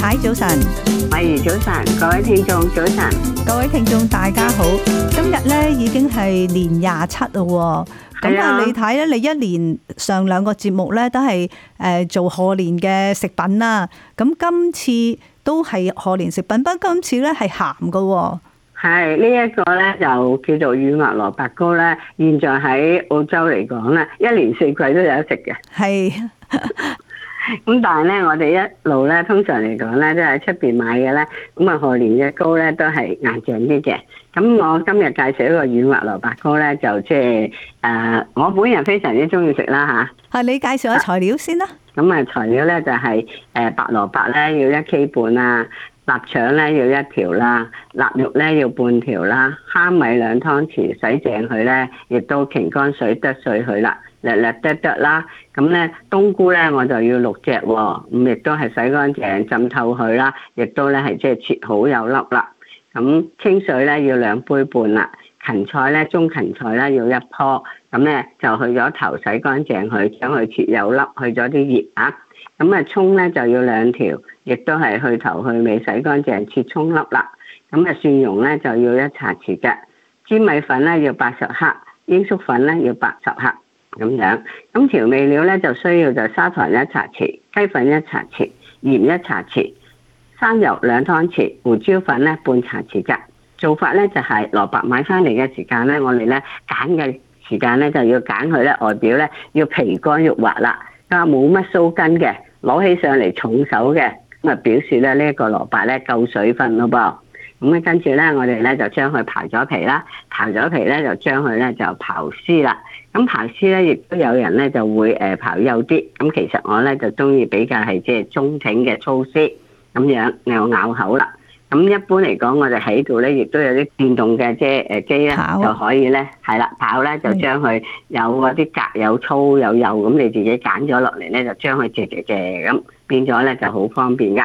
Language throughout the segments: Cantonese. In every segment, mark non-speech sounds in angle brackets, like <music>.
睇早晨，喂，如早晨，各位聽眾早晨，各位聽眾大家好。今日咧已經係年廿七咯，咁啊你睇咧，你一年上兩個節目咧都係誒做賀年嘅食品啦。咁今次都係賀年食品，不過今次咧係鹹嘅。係呢一個咧就叫做乳鴿蘿蔔糕咧，現在喺澳洲嚟講咧，一年四季都有得食嘅。係是。 <laughs> 咁但係咧，我哋一路咧，通常嚟講咧，都喺出邊買嘅咧，咁啊賀年嘅糕咧都係硬淨啲嘅。咁我今日介紹一個軟滑蘿蔔糕咧，就即係誒，我本人非常之中意食啦吓，係你介紹下材料先啦。咁啊材料咧就係、是、誒白蘿蔔咧要一 k 半啦，臘腸咧要一條啦，臘肉咧要半條啦，蝦米兩湯匙，洗淨佢咧，亦都乾乾水剁碎佢啦。略略得得啦，咁咧冬菇咧我就要六隻，哦，咁亦都係洗乾淨浸透佢啦，亦都咧係即係切好有粒啦。咁清水咧要兩杯半啦，芹菜咧中芹菜咧要一棵，咁咧就去咗頭洗乾淨佢，將佢切有粒，去咗啲葉啊。咁啊葱咧就要兩條，亦都係去頭去尾洗乾淨，切葱粒啦。咁啊蒜蓉咧就要一茶匙嘅，粘米粉咧要八十克，鷹粟粉咧要八十克。咁樣，咁調味料咧就需要就砂糖一茶匙，雞粉一茶匙，鹽一茶匙，生油兩湯匙，胡椒粉咧半茶匙啫。做法咧就係蘿蔔買翻嚟嘅時間咧，我哋咧揀嘅時間咧就要揀佢咧外表咧要皮乾肉滑啦，啊冇乜鬚根嘅，攞起上嚟重手嘅咁表示呢一、這個蘿蔔咧夠水分咯噃。好咁咧，跟住咧，我哋咧就將佢刨咗皮啦，刨咗皮咧就將佢咧就刨絲啦。咁刨絲咧，亦都有人咧就會誒刨幼啲。咁其實我咧就中意比較係即係中挺嘅粗絲咁樣，你有咬口啦。咁一般嚟講，我哋喺度咧亦都有啲電動嘅即係誒機咧，跑就可以咧係啦，刨咧就將佢有嗰啲格有粗有幼，咁你自己揀咗落嚟咧，就將佢嚼嚼嚼咁變咗咧就好方便㗎。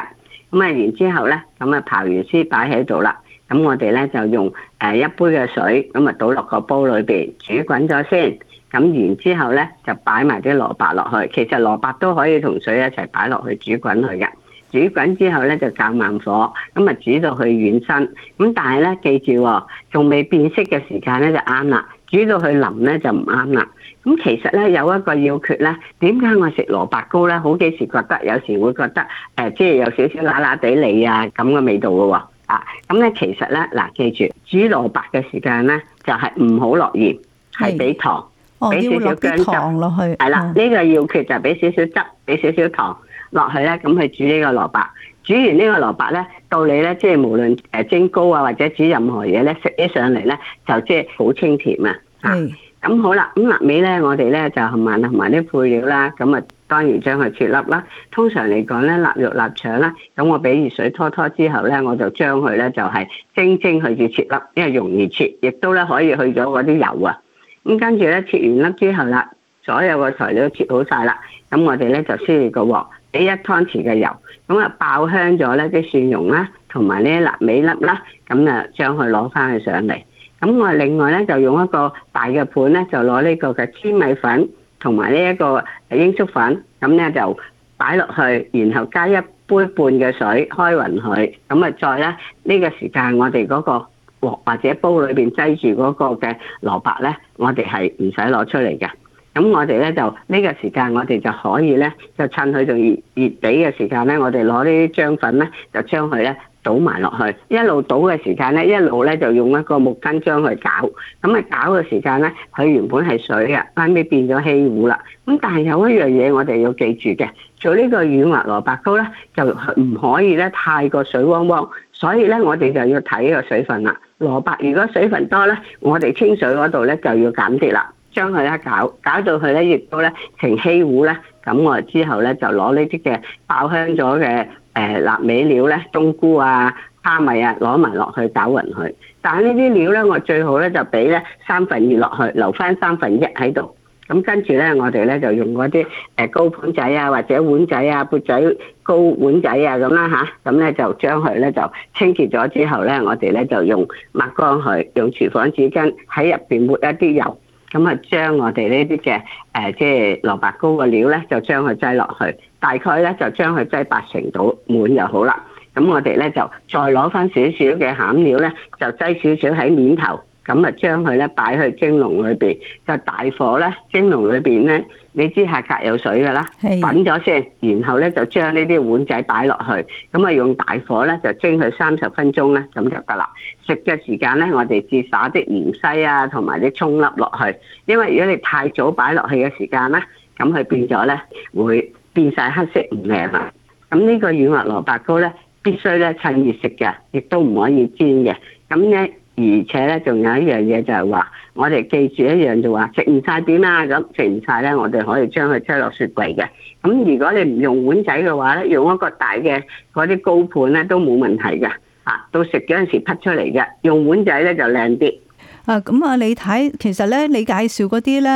咁啊，然之後咧，咁啊刨完絲擺喺度啦。咁我哋咧就用誒一杯嘅水，咁啊倒落個煲裏邊煮滾咗先。咁然之後咧，就擺埋啲蘿蔔落去。其實蘿蔔都可以同水一齊擺落去煮滾佢嘅。煮滾之後咧，就較慢火，咁啊煮到佢軟身。咁但係咧，記住、哦，仲未變色嘅時間咧就啱啦。煮到佢腍咧就唔啱啦。咁其實咧有一個要訣咧，點解我食蘿蔔糕咧，好幾時覺得有時會覺得誒、呃，即係有少少辣辣地利啊咁嘅味道噶喎啊！咁、啊、咧其實咧嗱，記住煮蘿蔔嘅時間咧就係唔好落鹽，係俾是糖，俾、哦、少少薑汁落去。係啦、嗯，呢、這個要訣就係俾少少汁，俾少少糖落去咧，咁去煮呢個蘿蔔。煮完呢個蘿蔔咧，到你咧即係無論誒蒸糕啊或者煮任何嘢咧，食起上嚟咧就即係好清甜啊！咁、嗯、好啦，咁臘味咧，我哋咧就同埋同埋啲配料啦，咁啊，當然將佢切粒啦。通常嚟講咧，臘肉辣腸、臘腸啦，咁我俾熱水拖拖之後咧，我就將佢咧就係蒸蒸佢至切粒，因為容易切，亦都咧可以去咗嗰啲油啊。咁跟住咧切完粒之後啦，所有個材料切好晒啦，咁我哋咧就先嚟個鑊，俾一湯匙嘅油，咁啊爆香咗咧啲蒜蓉啦，同埋呢啲臘味粒啦，咁啊將佢攞翻去上嚟。咁我另外咧就用一個大嘅盤咧，就攞呢個嘅黏米粉同埋呢一個鷹粟粉，咁咧就擺落去，然後加一杯半嘅水，開勻佢。咁啊，再咧呢個時間我個個，我哋嗰個鍋或者煲裏邊擠住嗰個嘅蘿蔔咧，我哋係唔使攞出嚟嘅。咁我哋咧就呢個時間，我哋就可以咧，就趁佢仲熱熱哋嘅時間咧，我哋攞呢啲漿粉咧，就將佢咧。倒埋落去，一路倒嘅時間咧，一路咧就用一個木棍將佢攪，咁啊攪嘅時間咧，佢原本係水嘅，後尾變咗稀糊啦。咁但係有一樣嘢我哋要記住嘅，做呢個軟滑蘿蔔糕咧，就唔可以咧太過水汪汪，所以咧我哋就要睇呢個水分啦。蘿蔔如果水分多咧，我哋清水嗰度咧就要減啲啦，將佢一攪，攪到佢咧亦都咧成稀糊咧，咁我之後咧就攞呢啲嘅爆香咗嘅。誒臘味料咧，冬菇啊、蝦米啊，攞埋落去攪勻佢。但係呢啲料咧，我最好咧就俾咧三分二落去，留翻三分一喺度。咁跟住咧，我哋咧就用嗰啲誒高盤仔啊，或者碗仔啊、缽仔糕碗仔啊咁啦吓。咁咧就將佢咧就清潔咗之後咧，我哋咧就用抹乾佢，用廚房紙巾喺入邊抹一啲油。咁啊，將我哋呢啲嘅誒，即係蘿蔔糕嘅料咧，就將佢擠落去，大概咧就將佢擠八成到滿就好啦。咁我哋咧就再攞翻少少嘅餡料咧，就擠少少喺面頭。咁啊，就將佢咧擺去蒸籠裏邊，就大火咧蒸籠裏邊咧，你知係隔有水噶啦，滾咗的先，然後咧就將呢啲碗仔擺落去，咁啊用大火咧就蒸佢三十分鐘咧，咁就得啦。食嘅時間咧，我哋至撒啲芫茜啊，同埋啲葱粒落去，因為如果你太早擺落去嘅時間咧，咁佢變咗咧會變晒黑色唔靚啦。咁呢個軟滑蘿蔔糕咧，必須咧趁熱食嘅，亦都唔可以煎嘅。咁咧。而且咧，仲有一樣嘢就係話，我哋記住一樣就話，食唔晒點啊？咁食唔晒咧，我哋可以將佢吹落雪櫃嘅。咁如果你唔用碗仔嘅話咧，用一個大嘅嗰啲高盤咧都冇問題嘅。嚇、啊，到食嗰陣時揼出嚟嘅。用碗仔咧就靚啲。啊，咁、嗯、啊，你睇，其實咧你介紹嗰啲咧，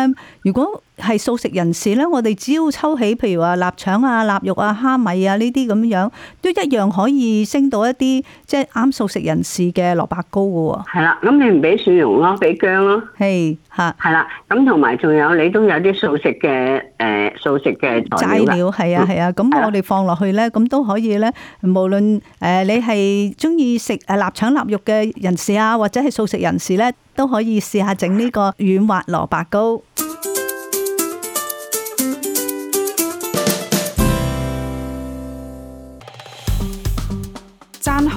如果。係素食人士咧，我哋只要抽起，譬如話臘腸啊、臘肉啊、蝦米啊呢啲咁樣，都一樣可以升到一啲即係啱素食人士嘅蘿蔔糕嘅喎。係啦，咁你唔俾蒜蓉咯，俾薑咯，係吓。係啦，咁同埋仲有你都有啲素食嘅誒素食嘅材料，係啊係啊，咁我哋放落去咧，咁都可以咧。無論誒你係鍾意食誒臘腸臘肉嘅人士啊，或者係素食人士咧，都可以試下整呢個軟滑蘿蔔糕。